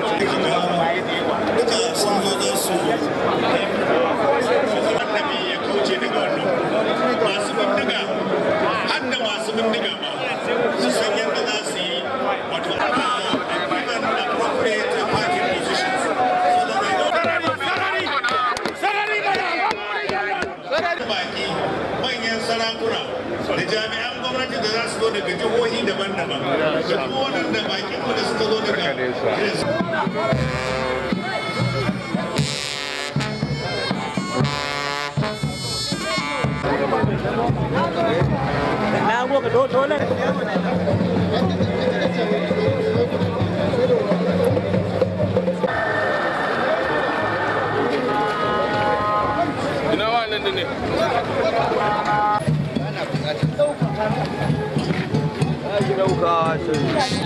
这个上头的书。nan daban da kuma wannan da baki da suka zo daga Na gode dole. Ina wa nan ne. gosh.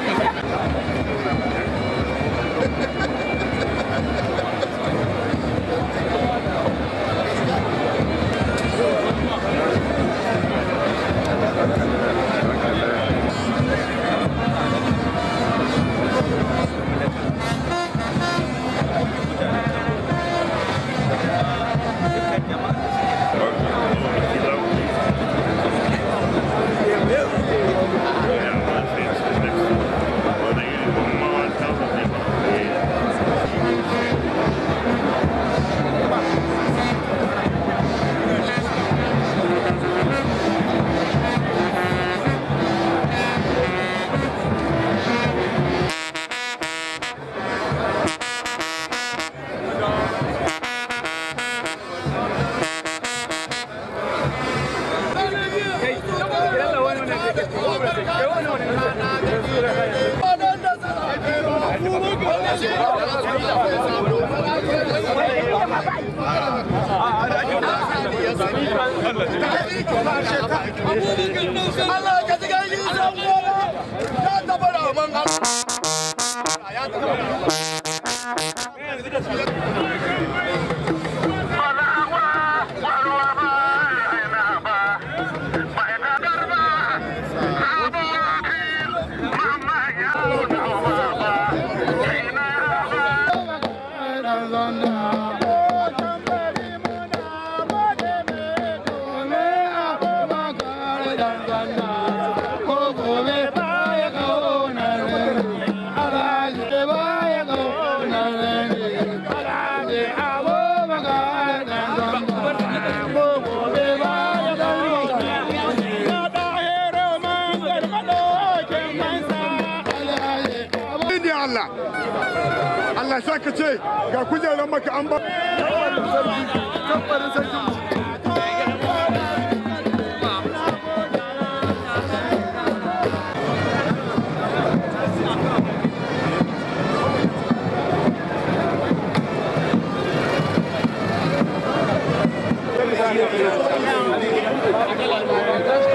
an ba kabarin sarki kabarin sarkin mu Thank you.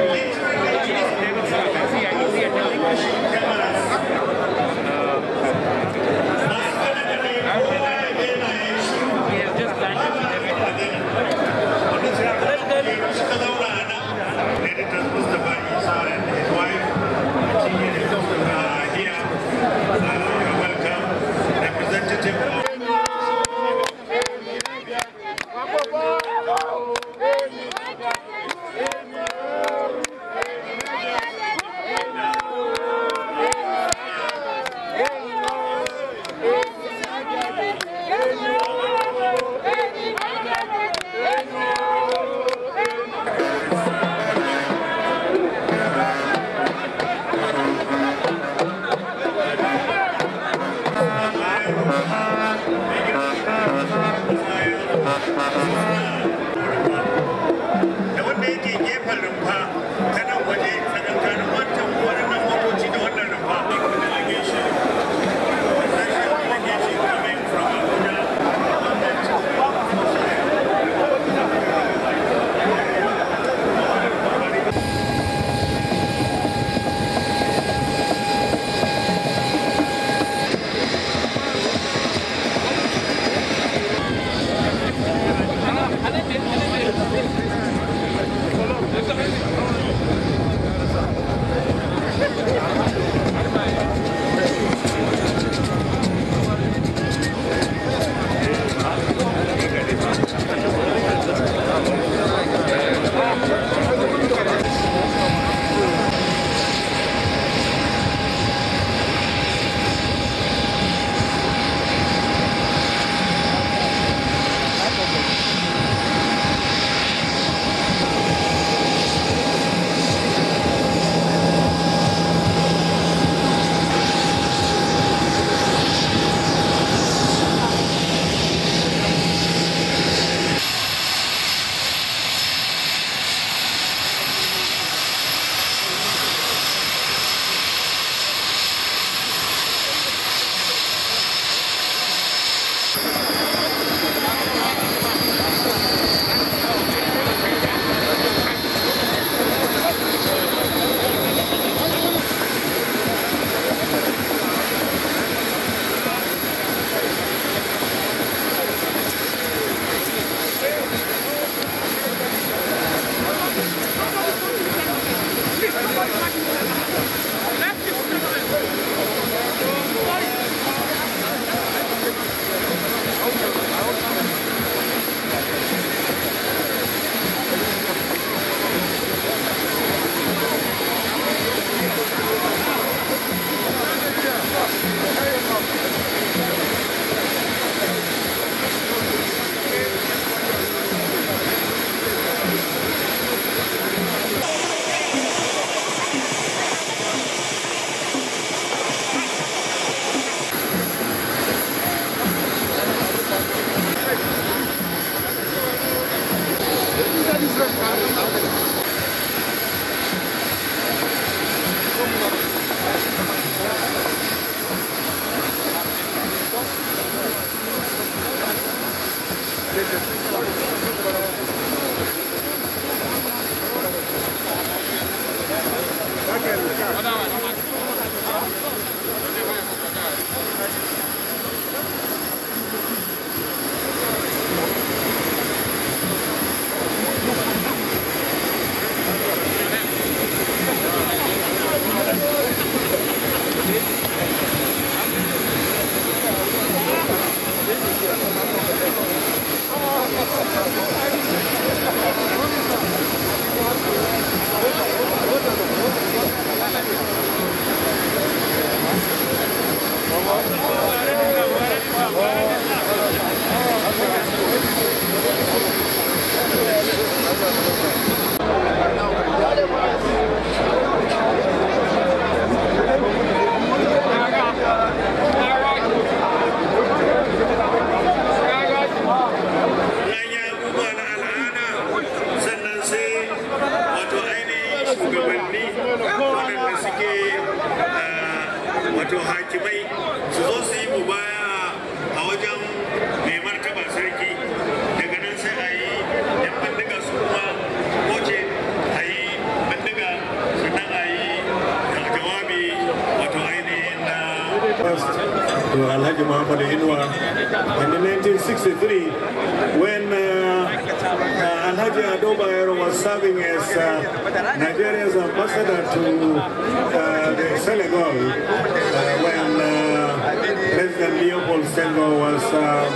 as ambassador to uh, Senegal uh, when uh, President Leopold Senghor was uh,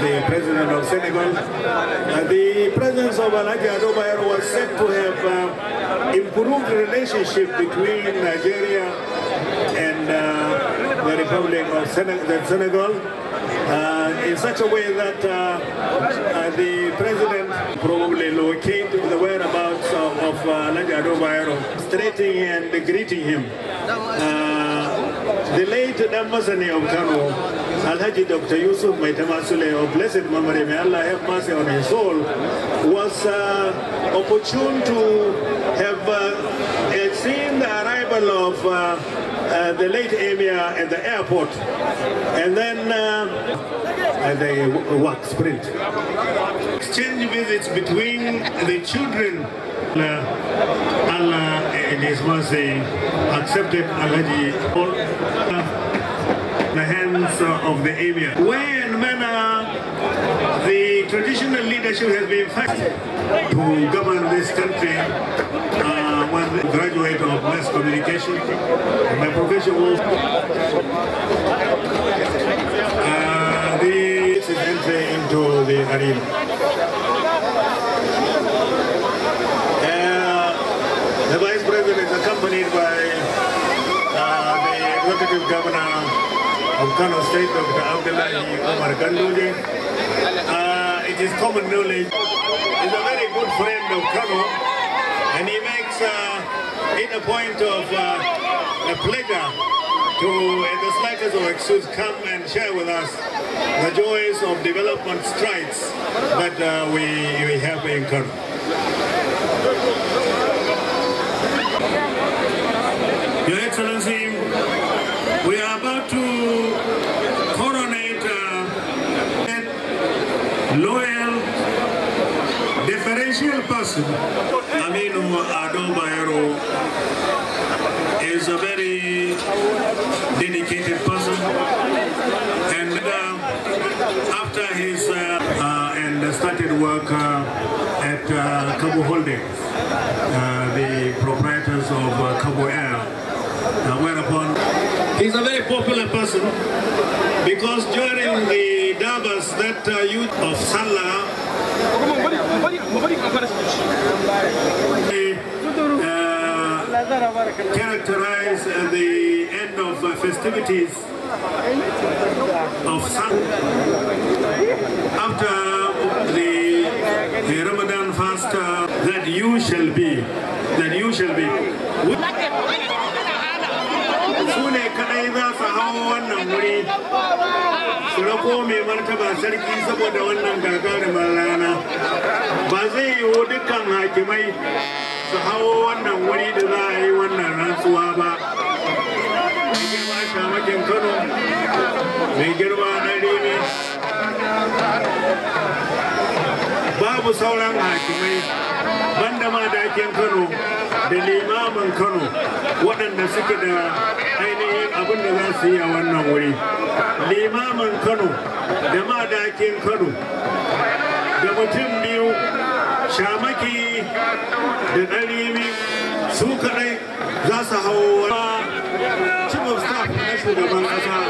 the president of Senegal. the presence of Alhaji Adobayer was said to have improved the relationship between Nigeria and the Republic of Sen Senegal in such a way that uh, uh, the president probably located the whereabouts of, of uh, Lajado and greeting him. Uh, the late Damasani of Kano, Alhaji Dr. Yusuf Maitamasule of blessed memory, may Allah have mercy on his soul, was opportune to have seen the arrival of uh, the late emir at the airport, and then uh, the work sprint. Exchange visits between the children. Uh, Allah in His mercy accepted already all uh, the hands of the emir. Way and manner the traditional leadership has been fighting to govern this country. Uh, am a graduate of mass communication. My profession was uh, this entry into the arena. Uh, the vice president is accompanied by uh, the executive governor of Kano State, Dr. Abdullahi Omar Kanduje. Uh, it is common knowledge. He's a very good friend of Kano hit a point of uh, a pleasure to the slightest of excuse come and share with us the joys of development strides that uh, we, we have incurred. Your Excellency, we are about to coronate uh, loyal, deferential person, Aminu Ado Bayero He's a very dedicated person. And uh, after his uh, uh, and started work uh, at uh, Cabo Holdings, uh, the proprietors of uh, Cabo Air, uh, whereupon he's a very popular person because during the Davos that youth of Salah characterize the end of festivities of sun. After the, the Ramadan fast, uh, that you shall be, that you shall be. Su ne kaɗai za su hawo wannan wuri su rako mai martaba sarki saboda wannan gagarumar hakimai su hawo wannan wuri da za a yi wannan rantsuwa ba mai girma shamakin kano mai girma na rene babu sauran hakimai banda ma dakin kano da limamin kano waɗanda suke da ainihin abin da za su yi a wannan wuri limamin kano da madakin kano da mutum biyu shamaki da ɗarimi su kaɗai za su hau chief of staff na shugaban ƙasa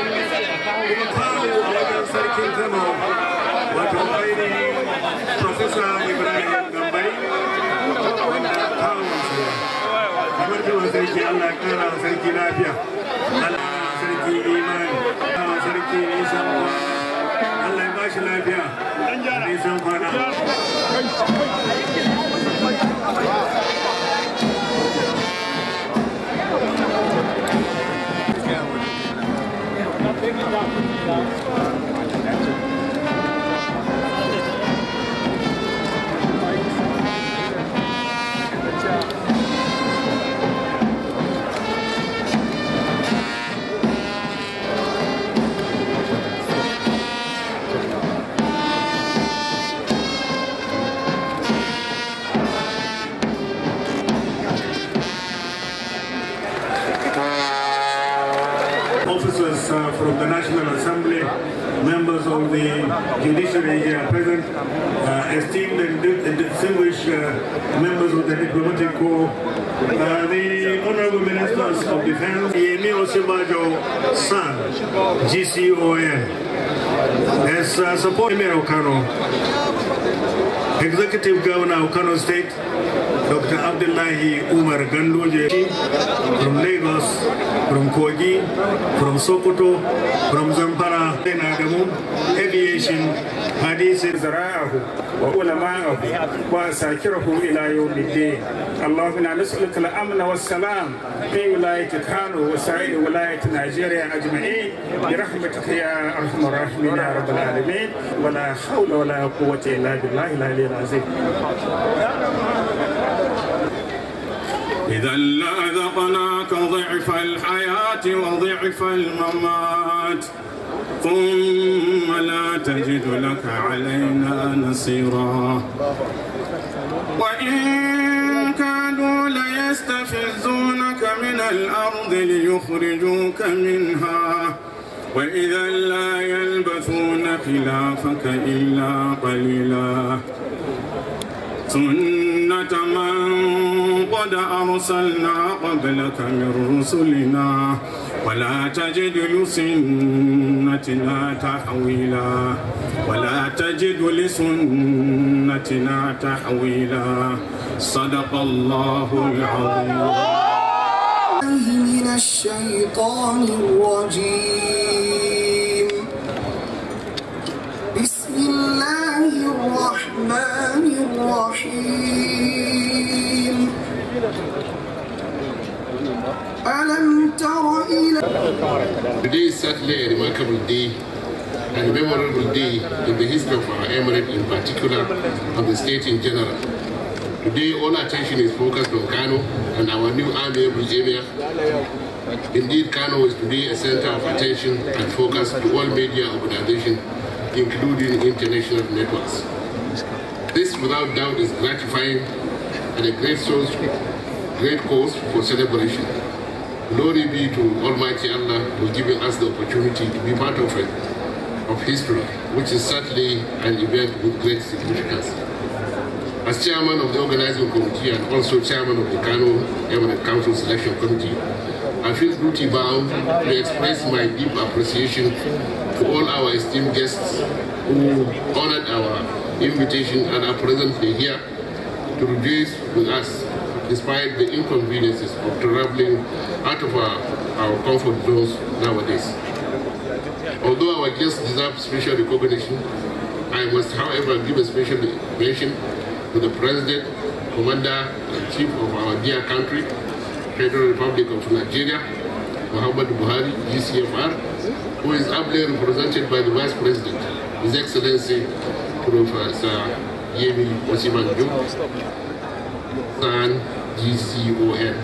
kuma kawo a wajen sarkin kano wato ainihin profesa ibrahim gambari kamar kiwon sarki allah ya kara sarki lafiya National Assembly, members of the judiciary here present, uh, esteemed and distinguished uh, members of the diplomatic corps, uh, the honorable ministers of defense, Yemi Osibajo son, GCON, as uh, support Emir Okano, Executive Governor of Kano State, Dr. Abdullahi Umar Ganduje from Lagos, from Kogi, from Sokoto, from Zamfara, then Adamu, aviation, hadith, zara'ahu, wa ulama'ahu, wa sakirahu ila yawmiddin. Allahumma nas'aluka al-amna was-salam fi wilayati Kano wa sa'id wilayati Nigeria ajma'in bi rahmatika ya arhamar rahimin ya rabbal alamin wa la hawla wa la quwwata illa billahi al azim. إذا لأذقناك ضعف الحياة وضعف الممات ثم لا تجد لك علينا نصيرا وإن كانوا ليستفزونك من الأرض ليخرجوك منها وإذا لا يلبثون خلافك إلا قليلا سنة من قد أرسلنا قبلك من رسلنا ولا تجد لسنتنا تحويلا ولا تجد لسنتنا تحويلا صدق الله العظيم من الشيطان الرجيم Today is certainly a remarkable day and memorable day in the history of our emirate in particular and the state in general. Today all attention is focused on Kano and our new of Virginia. Indeed, Kano is today a center of attention and focus to all media organizations, including international networks. This, without doubt, is gratifying and a great source, great cause for celebration. Glory be to Almighty Allah for giving us the opportunity to be part of it, of history, which is certainly an event with great significance. As chairman of the organizing committee and also chairman of the Kano Eminent Council Selection Committee, I feel duty bound to express my deep appreciation to all our esteemed guests who honored our invitation and are presently here to rejoice with us despite the inconveniences of traveling out of our, our comfort zones nowadays. Although our guests deserve special recognition, I must, however, give a special mention to the President, Commander and Chief of our dear country, Federal Republic of Nigeria, Muhammad Buhari, GCFR, who is ably represented by the Vice President, His Excellency Professor Yemi Osimanju, and GCON.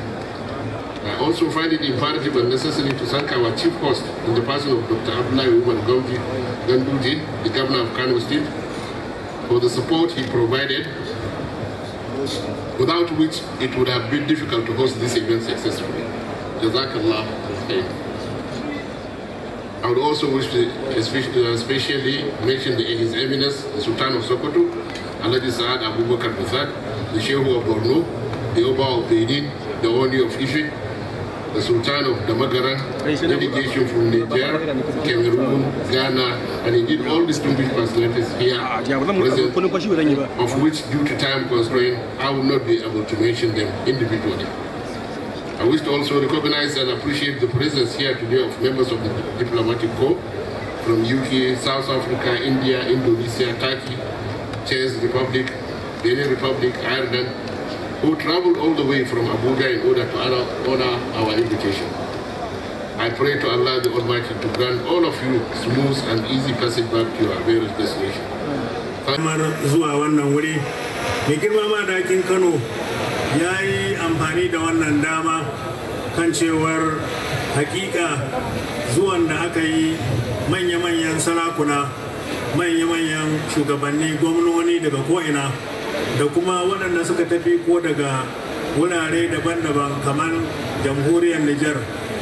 I also find it imperative and necessary to thank our chief host in the person of Dr. Abdullah Umar Gauji Ganduji, the governor of Kano State, for the support he provided, without which it would have been difficult to host this event successfully. Jazakallah khair. I would also wish to especially uh, mention the, His Eminence, the Sultan of Sokoto, Aladdin Saad Abu Bakr Buthad, the Shehu of Borno, the Oba of Benin, the Oni of Ife, the Sultan of Damagara, delegation from Niger, Cameroon, Ghana, and indeed all distinguished personalities here present, of which due to time constraint, I will not be able to mention them individually. I wish to also recognize and appreciate the presence here today of members of the diplomatic corps from UK, South Africa, India, Indonesia, Turkey, Czech Republic, Benin Republic, Ireland, who traveled all the way from Abuja in order to honor our invitation. I pray to Allah the Almighty to grant all of you smooth and easy passage back to your various destinations. kamar zuwa wannan wuri mai girma madakin kano ya yi amfani da wannan dama kan cewar hakika zuwan da aka yi manya-manyan sarakuna manya-manyan shugabanni gwamnoni daga ko'ina da kuma waɗanda suka tafi ko daga wurare daban-daban kamar jamhuriyar nijar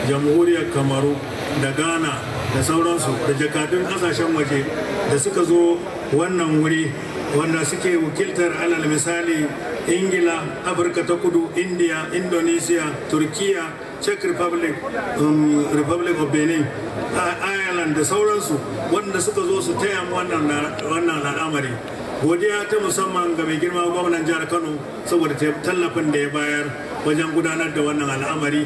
jamhuriyar kamaru da ghana da sauransu da jakadun kasashen waje da suka zo wannan wuri wanda suke wakiltar alal misali ingila afirka ta kudu india indonesia turkiya czech republic um, republic of benin ireland da sauransu wanda suka zo su taya wannan al'amari godiya ta musamman ga mai girma gwamnan jihar kano saboda tallafin da ya bayar wajen gudanar da wannan al'amari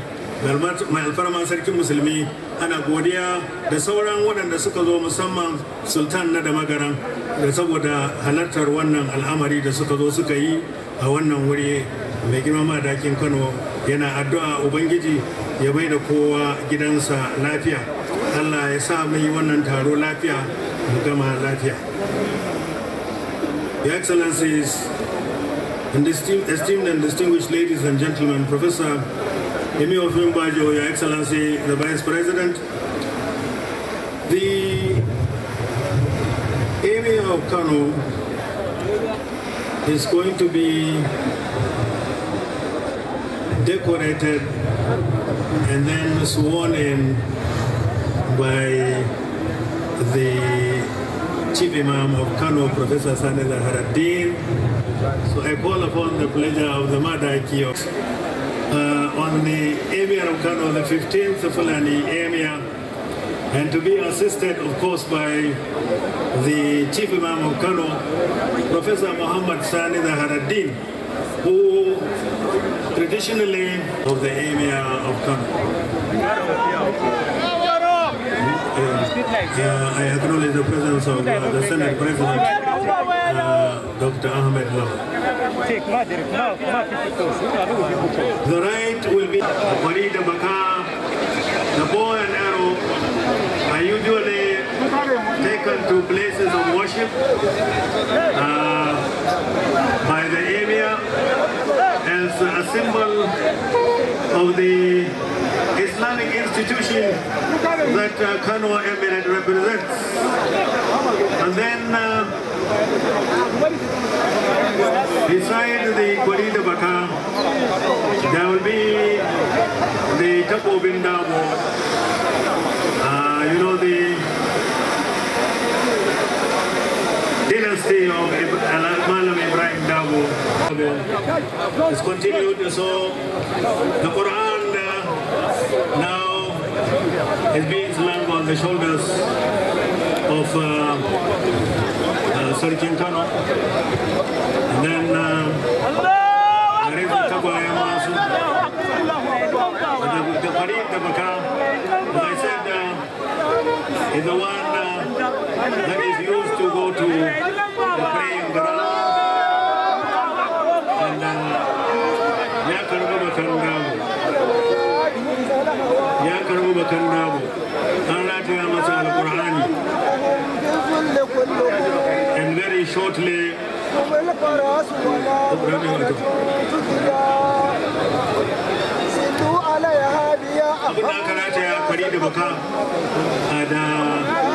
mai alfarma sarkin musulmi ana godiya da sauran waɗanda suka zo musamman sultan na da magaran da saboda halartar wannan al'amari da suka zo suka yi a wannan wuri mai girma dakin kano yana addu'a ubangiji ya bai da kowa gidansa lafiya allah ya sa mai wannan taro lafiya mu gama lafiya Your Excellencies, and esteemed, and distinguished ladies and gentlemen, Professor Emi Ofimbajo, Your Excellency, the Vice President, the area of Kano is going to be decorated and then sworn in by the Chief Imam of Kano, Professor Sanel Haraddin. So I call upon the pleasure of the Madai of, uh, on the Emir of Kano, the 15th Fulani Emir, and to be assisted, of course, by the Chief Imam of Kano, Professor Muhammad Sanel Haraddin, who traditionally of the Emir of Kano. Uh, I acknowledge the presence of uh, the Senate President, uh, Dr. Ahmed Law. The right will be Marita Bakar. The bow and arrow are usually taken to places of worship by the area as a symbol of the Islamic institution that uh, Kanwa Emirate represents. And then uh, beside the Kwarida Baka, there will be the Tapo Bindabo, uh, you know, the dynasty of is continued. So the Quran uh, now is being slung on the shoulders of uh, uh, Sergeant Kano. And then uh, there is the Kabayama the, uh, the Farid, the Baka, as I said, is uh, the one uh, that is used to go to the praying ground. bakan rago ya karbo bakan rago an rataya masa alkur'ani and very shortly abin da aka rataya fari da baka da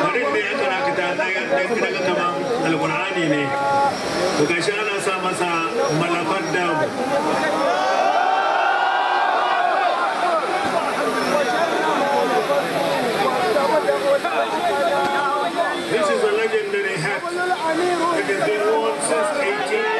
farin da ya karakata daga kama alkur'ani ne to gashi ana sa masa malafar damu This is a legendary hat It has been worn since 18.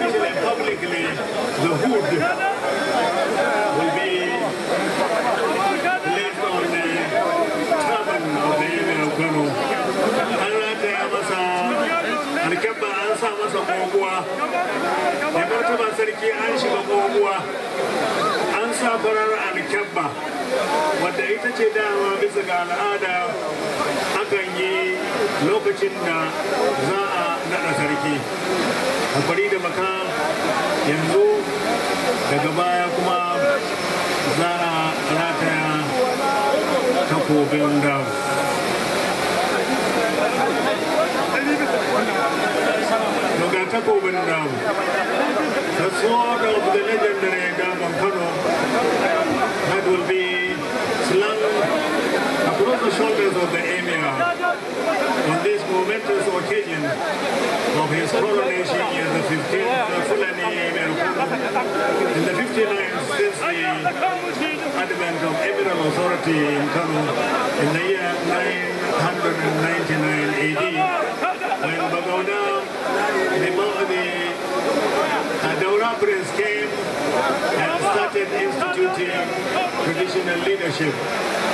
officially, publicly, the hood will be placed on the turban of the Emir of Kano. An rataya masa alkyabba an sa masa koguwa, da martaba sarki an shiga koguwa, an sa farar alkyabba, wadda ita ce dama bisa ga al'ada akan yi lokacin da za a naɗa sarki. haƙuri da maka yanzu daga baya kuma za a rataya takobin da daga takobin damu the sword of the legendary Dam of Kano that across the shoulders of the Emir on this momentous occasion of his coronation in the 15th uh, Fulani Emir in the 59th since the advent of Emiral authority in Kano in the year 999 AD when Bagoda, the, the Adaura prince came and started instituting traditional leadership.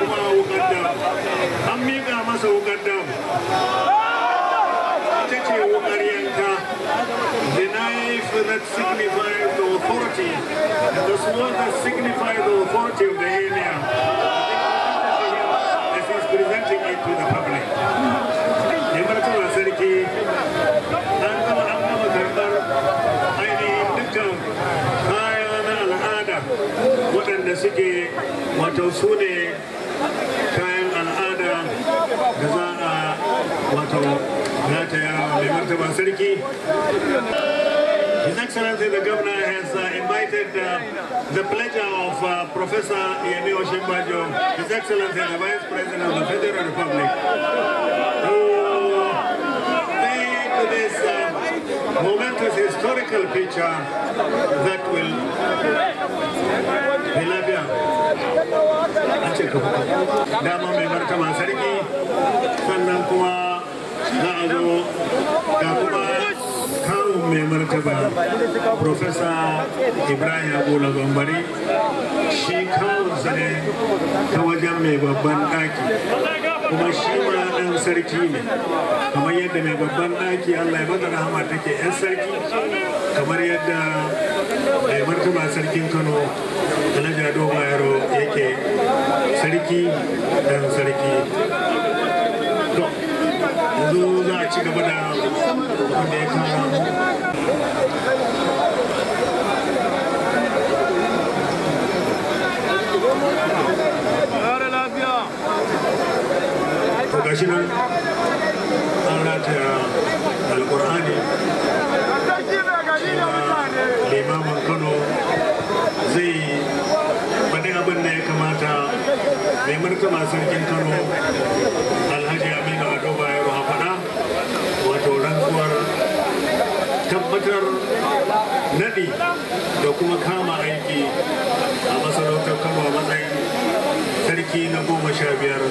kuma wukar dam an miƙa masa wukar dam ita ce wukar yanka the knife that signifies the authority the sword that signifies the authority of the area as he's presenting it to the public yamartawa sarki an gama an gama karɓar ainihin dukkan kaya na al'ada waɗanda suke wato su ne Uh, His Excellency the Governor has uh, invited uh, the pleasure of uh, Professor Yenio Shimbajo, His Excellency the Vice President of the Federal Republic, to take this uh, momentous historical picture that will Hilabia, Dama Mai Martaba Sarki, sannan kuma za a zo ga kuma kawun mai martaba profesa ibrahim abu lagambari shi kawunsa ne ta wajen mai babban daki kuma shi ma ɗan sarki ne kamar yadda mai babban ɗaki allah ya mata rahama take 'yan sarki kamar yadda mai martaba sarkin kano alhaji ado bayero yake sarki dan sarki ci gaba da wanda ya kama gashi nan an rataya alkur'ani limamin kano zai faɗi abin da ya kamata mai martaba sarkin kano alhaji tabbatar nadi da kuma kama aiki a masarautar kama a matsayin sarki na goma sha biyar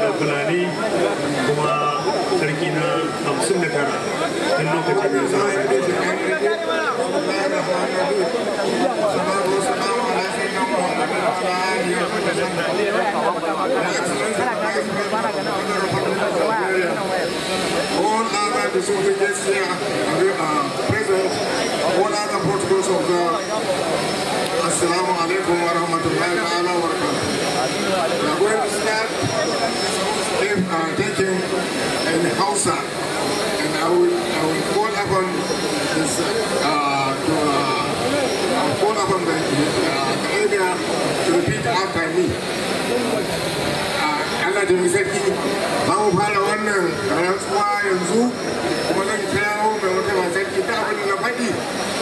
da fulani kuma sarki na hamsin da tara tun lokacin da sa da All other disobedience here are present. All other protocols of the Assalamu alaikum wa rahmatullahi wa barakatuh. We are going to start if, uh, taking in Hausa. And I will, I will call upon this, uh, to, uh, call upon the, uh, the area repeat after me Allah da sarki ba mu wannan rantsuwa yanzu kuma zan kirawo mai wata ba sarki ta abin na faɗi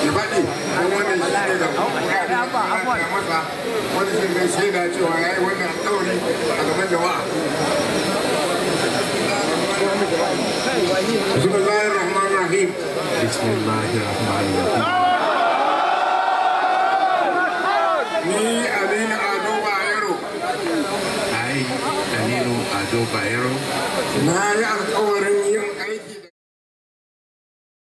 ya faɗi don wannan shi ne da masa wani sun ga da cewa ya yi wannan alƙawari a gaban jama'a بسم الله الرحمن الرحيم بسم الله الرحمن الرحيم bij Arrow? Nou ja,